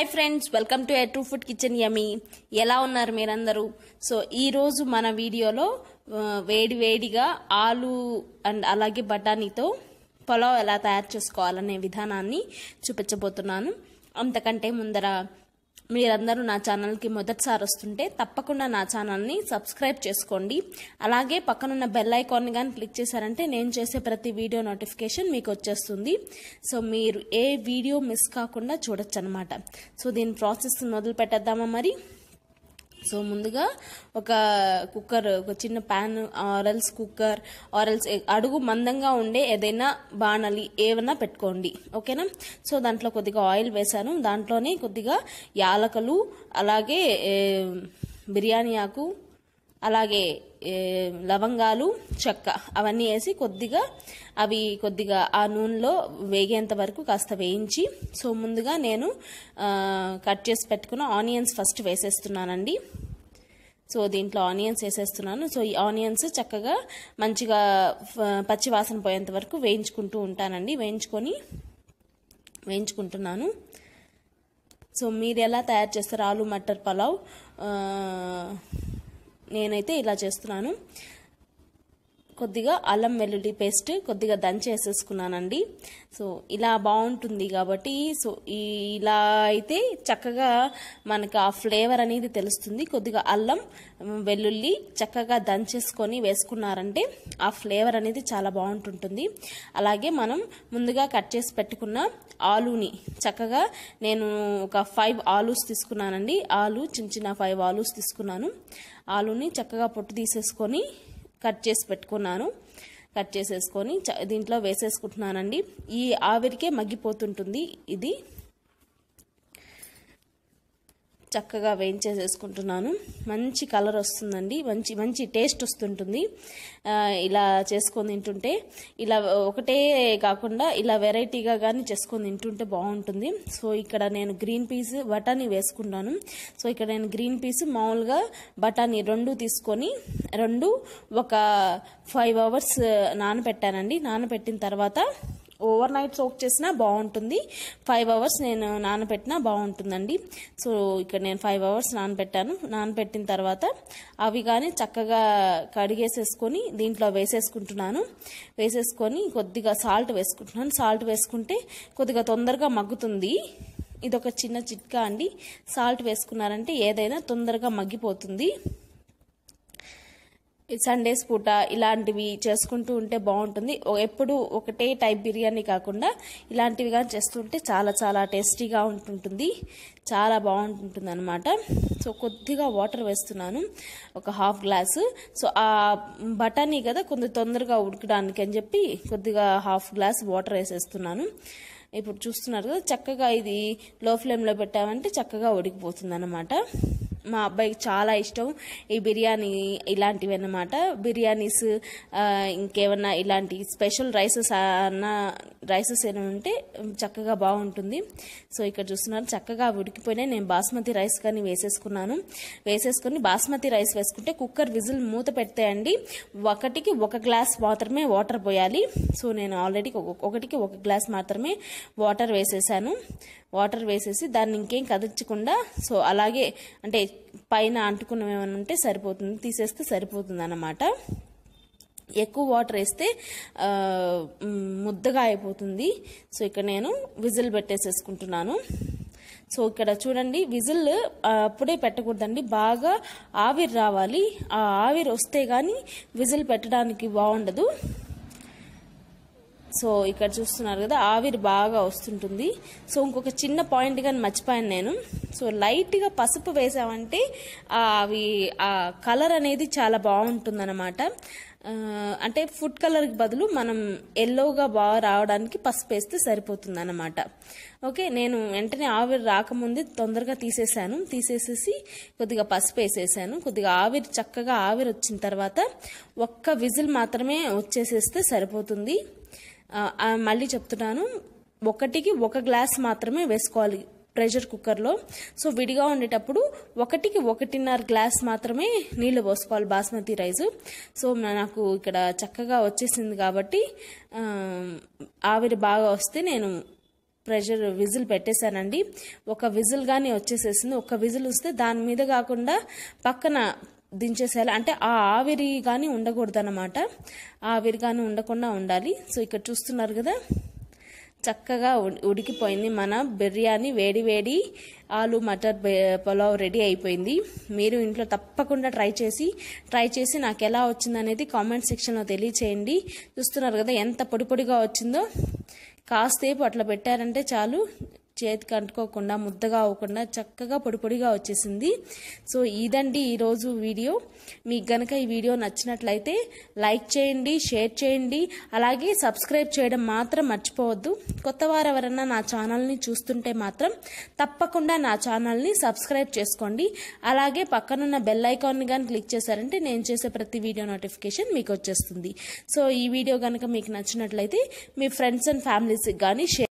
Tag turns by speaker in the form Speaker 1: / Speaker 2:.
Speaker 1: hi friends welcome to ఎట్రూ food kitchen yummy ఎలా ఉన్నారు మీరందరూ సో ఈరోజు మన వీడియోలో వేడి వేడిగా ఆలు అండ్ అలాగే బఠానీతో పొలావ్ ఎలా తయారు చేసుకోవాలనే విధానాన్ని చూపించబోతున్నాను అంతకంటే ముందర మీరందరూ నా ఛానల్కి మొదటిసారి వస్తుంటే తప్పకుండా నా ఛానల్ని సబ్స్క్రైబ్ చేసుకోండి అలాగే పక్కనున్న బెల్ ఐకాన్ కానీ క్లిక్ చేశారంటే నేను చేసే ప్రతి వీడియో నోటిఫికేషన్ మీకు వచ్చేస్తుంది సో మీరు ఏ వీడియో మిస్ కాకుండా చూడొచ్చు అనమాట సో దీని ప్రాసెస్ మొదలు పెట్టేద్దామా మరి సో ముందుగా ఒక కుక్కర్ ఒక చిన్న ప్యాన్ ఆరల్స్ కుక్కర్ ఆరల్స్ అడుగు మందంగా ఉండే ఏదైనా బాణలి ఏమన్నా పెట్టుకోండి ఓకేనా సో దాంట్లో కొద్దిగా ఆయిల్ వేశాను దాంట్లోనే కొద్దిగా యాలకలు అలాగే బిర్యానీ ఆకు అలాగే లవంగాలు చెక్క అవన్నీ వేసి కొద్దిగా అవి కొద్దిగా ఆ నూనెలో వేగేంత వరకు కాస్త వేయించి సో ముందుగా నేను కట్ చేసి పెట్టుకున్న ఆనియన్స్ ఫస్ట్ వేసేస్తున్నానండి సో దీంట్లో ఆనియన్స్ వేసేస్తున్నాను సో ఈ ఆనియన్స్ చక్కగా మంచిగా పచ్చి వాసన పోయేంత వరకు వేయించుకుంటూ ఉంటానండి వేయించుకొని వేయించుకుంటున్నాను సో మీరు ఎలా తయారు చేస్తారు ఆలు మటర్ పలావ్ నేనైతే ఇలా చేస్తున్నాను కొద్దిగా అల్లం వెల్లుల్లి పేస్ట్ కొద్దిగా దంచేసేసుకున్నానండి సో ఇలా బాగుంటుంది కాబట్టి సో ఇలా అయితే చక్కగా మనకు ఆ ఫ్లేవర్ అనేది తెలుస్తుంది కొద్దిగా అల్లం వెల్లుల్లి చక్కగా దంచేసుకొని వేసుకున్నారంటే ఆ ఫ్లేవర్ అనేది చాలా బాగుంటుంటుంది అలాగే మనం ముందుగా కట్ చేసి పెట్టుకున్న ఆలూని చక్కగా నేను ఒక ఫైవ్ ఆలూస్ తీసుకున్నానండి ఆలు చిన్న చిన్న ఫైవ్ ఆలూస్ తీసుకున్నాను ఆలుని చక్కగా పొట్టు తీసేసుకొని కట్ చేసి పెట్టుకున్నాను కట్ చేసేసుకొని దీంట్లో వేసేసుకుంటున్నానండి ఈ ఆవిరికే మగ్గిపోతుంటుంది ఇది చక్కగా వేయించేసేసుకుంటున్నాను మంచి కలర్ వస్తుందండి మంచి మంచి టేస్ట్ వస్తుంటుంది ఇలా చేసుకొని తింటుంటే ఇలా ఒకటే కాకుండా ఇలా వెరైటీగా కానీ చేసుకొని తింటుంటే బాగుంటుంది సో ఇక్కడ నేను గ్రీన్ పీస్ బఠానీ వేసుకున్నాను సో ఇక్కడ నేను గ్రీన్ పీస్ మామూలుగా బఠానీ రెండు తీసుకొని రెండు ఒక ఫైవ్ అవర్స్ నానబెట్టానండి నానబెట్టిన తర్వాత ఓవర్ నైట్ సోక్ చేసినా బాగుంటుంది ఫైవ్ అవర్స్ నేను నానబెట్టినా బాగుంటుందండి సో ఇక్కడ నేను ఫైవ్ అవర్స్ నానబెట్టాను నానబెట్టిన తర్వాత అవి కానీ చక్కగా కడిగేసేసుకొని దీంట్లో వేసేసుకుంటున్నాను వేసేసుకొని కొద్దిగా సాల్ట్ వేసుకుంటున్నాను సాల్ట్ వేసుకుంటే కొద్దిగా తొందరగా మగ్గుతుంది ఇదొక చిన్న చిట్కా అండి సాల్ట్ వేసుకున్నారంటే ఏదైనా తొందరగా మగ్గిపోతుంది సండేస్ పూట ఇలాంటివి చేసుకుంటూ ఉంటే బాగుంటుంది ఎప్పుడు ఒకటే టైప్ బిర్యానీ కాకుండా ఇలాంటివి కానీ చేస్తుంటే చాలా చాలా టేస్టీగా ఉంటుంటుంది చాలా బాగుంటుంటుంది అనమాట సో కొద్దిగా వాటర్ వేస్తున్నాను ఒక హాఫ్ గ్లాసు సో ఆ బఠానీ కదా కొంచెం తొందరగా ఉడకడానికి అని చెప్పి కొద్దిగా హాఫ్ గ్లాస్ వాటర్ వేసేస్తున్నాను ఇప్పుడు చూస్తున్నారు కదా చక్కగా ఇది లో ఫ్లేమ్లో పెట్టామంటే చక్కగా ఉడికిపోతుంది అనమాట మా అబ్బాయికి చాలా ఇష్టం ఈ బిర్యానీ ఇలాంటివి అన్నమాట బిర్యానీస్ ఇంకేమన్నా ఇలాంటి స్పెషల్ రైసెస్ అన్న రైసెస్ ఏమైనా ఉంటే చక్కగా బాగుంటుంది సో ఇక్కడ చూస్తున్నారు చక్కగా ఉడికిపోయినాయి నేను బాస్మతి రైస్ కానీ వేసేసుకున్నాను వేసేసుకుని బాస్మతి రైస్ వేసుకుంటే కుక్కర్ విజిల్ మూత పెడతాయండి ఒకటికి ఒక గ్లాస్ మాత్రమే వాటర్ పోయాలి సో నేను ఆల్రెడీ ఒకటికి ఒక గ్లాస్ మాత్రమే వాటర్ వేసేసాను వాటర్ వేసేసి దాన్ని ఇంకేం కదర్చకుండా సో అలాగే అంటే పైన అంటుకున్నవి ఏమైనా ఉంటే సరిపోతుంది తీసేస్తే సరిపోతుంది అన్నమాట ఎక్కువ వాటర్ వేస్తే ముద్దగా అయిపోతుంది సో ఇక్కడ నేను విజిల్ పెట్టేసేసుకుంటున్నాను సో ఇక్కడ చూడండి విజిల్ అప్పుడే పెట్టకూడదండి బాగా ఆవిరి రావాలి ఆ ఆవిరి వస్తే కానీ విజిల్ పెట్టడానికి బాగుండదు సో ఇక్కడ చూస్తున్నారు కదా ఆవిరి బాగా వస్తుంటుంది సో ఇంకొక చిన్న పాయింట్ కానీ మర్చిపోయాను నేను సో లైట్గా పసుపు వేసామంటే అవి ఆ కలర్ అనేది చాలా బాగుంటుందన్నమాట అంటే ఫుడ్ కలర్కి బదులు మనం ఎల్లోగా బాగా రావడానికి పసుపు వేస్తే సరిపోతుంది అన్నమాట ఓకే నేను వెంటనే ఆవిరి రాకముందే తొందరగా తీసేసాను తీసేసేసి కొద్దిగా పసుపు వేసేసాను కొద్దిగా ఆవిరి చక్కగా ఆవిరి వచ్చిన తర్వాత ఒక్క విజిల్ మాత్రమే వచ్చేసేస్తే సరిపోతుంది మళ్ళీ చెప్తున్నాను ఒకటికి ఒక గ్లాస్ మాత్రమే వేసుకోవాలి ప్రెషర్ కుక్కర్లో సో విడిగా ఉండేటప్పుడు ఒకటికి ఒకటిన్నర గ్లాస్ మాత్రమే నీళ్ళు పోసుకోవాలి బాస్మతి రైస్ సో నాకు ఇక్కడ చక్కగా వచ్చేసింది కాబట్టి ఆవిరి బాగా వస్తే నేను ప్రెషర్ విజిల్ పెట్టేశానండి ఒక విజిల్ కానీ వచ్చేసేసింది ఒక విజిల్ వస్తే దాని మీద కాకుండా పక్కన దించేసేయాలి అంటే ఆ ఆవిరి కానీ ఉండకూడదు అన్నమాట ఆవిరి కానీ ఉండకుండా ఉండాలి సో ఇక్కడ చూస్తున్నారు కదా చక్కగా ఉడికిపోయింది మన బిర్యానీ వేడివేడి ఆలు మటర్ పులావ్ రెడీ అయిపోయింది మీరు ఇంట్లో తప్పకుండా ట్రై చేసి ట్రై చేసి నాకు ఎలా వచ్చిందనేది కామెంట్ సెక్షన్లో తెలియచేయండి చూస్తున్నారు కదా ఎంత పొడి పొడిగా వచ్చిందో కాసేపు అట్లా పెట్టారంటే చాలు చేతికి అంటుకోకుండా ముద్దగా అవ్వకుండా చక్కగా పొడి పొడిగా వచ్చేసింది సో ఇదండి ఈరోజు వీడియో మీకు గనక ఈ వీడియో నచ్చినట్లయితే లైక్ చేయండి షేర్ చేయండి అలాగే సబ్స్క్రైబ్ చేయడం మాత్రం మర్చిపోవద్దు కొత్త వారు ఎవరన్నా నా ఛానల్ని చూస్తుంటే మాత్రం తప్పకుండా నా ఛానల్ని సబ్స్క్రైబ్ చేసుకోండి అలాగే పక్కనున్న బెల్ ఐకాన్ని కానీ క్లిక్ చేశారంటే నేను చేసే ప్రతి వీడియో నోటిఫికేషన్ మీకు వచ్చేస్తుంది సో ఈ వీడియో కనుక మీకు నచ్చినట్లయితే మీ ఫ్రెండ్స్ అండ్ ఫ్యామిలీస్కి కానీ షేర్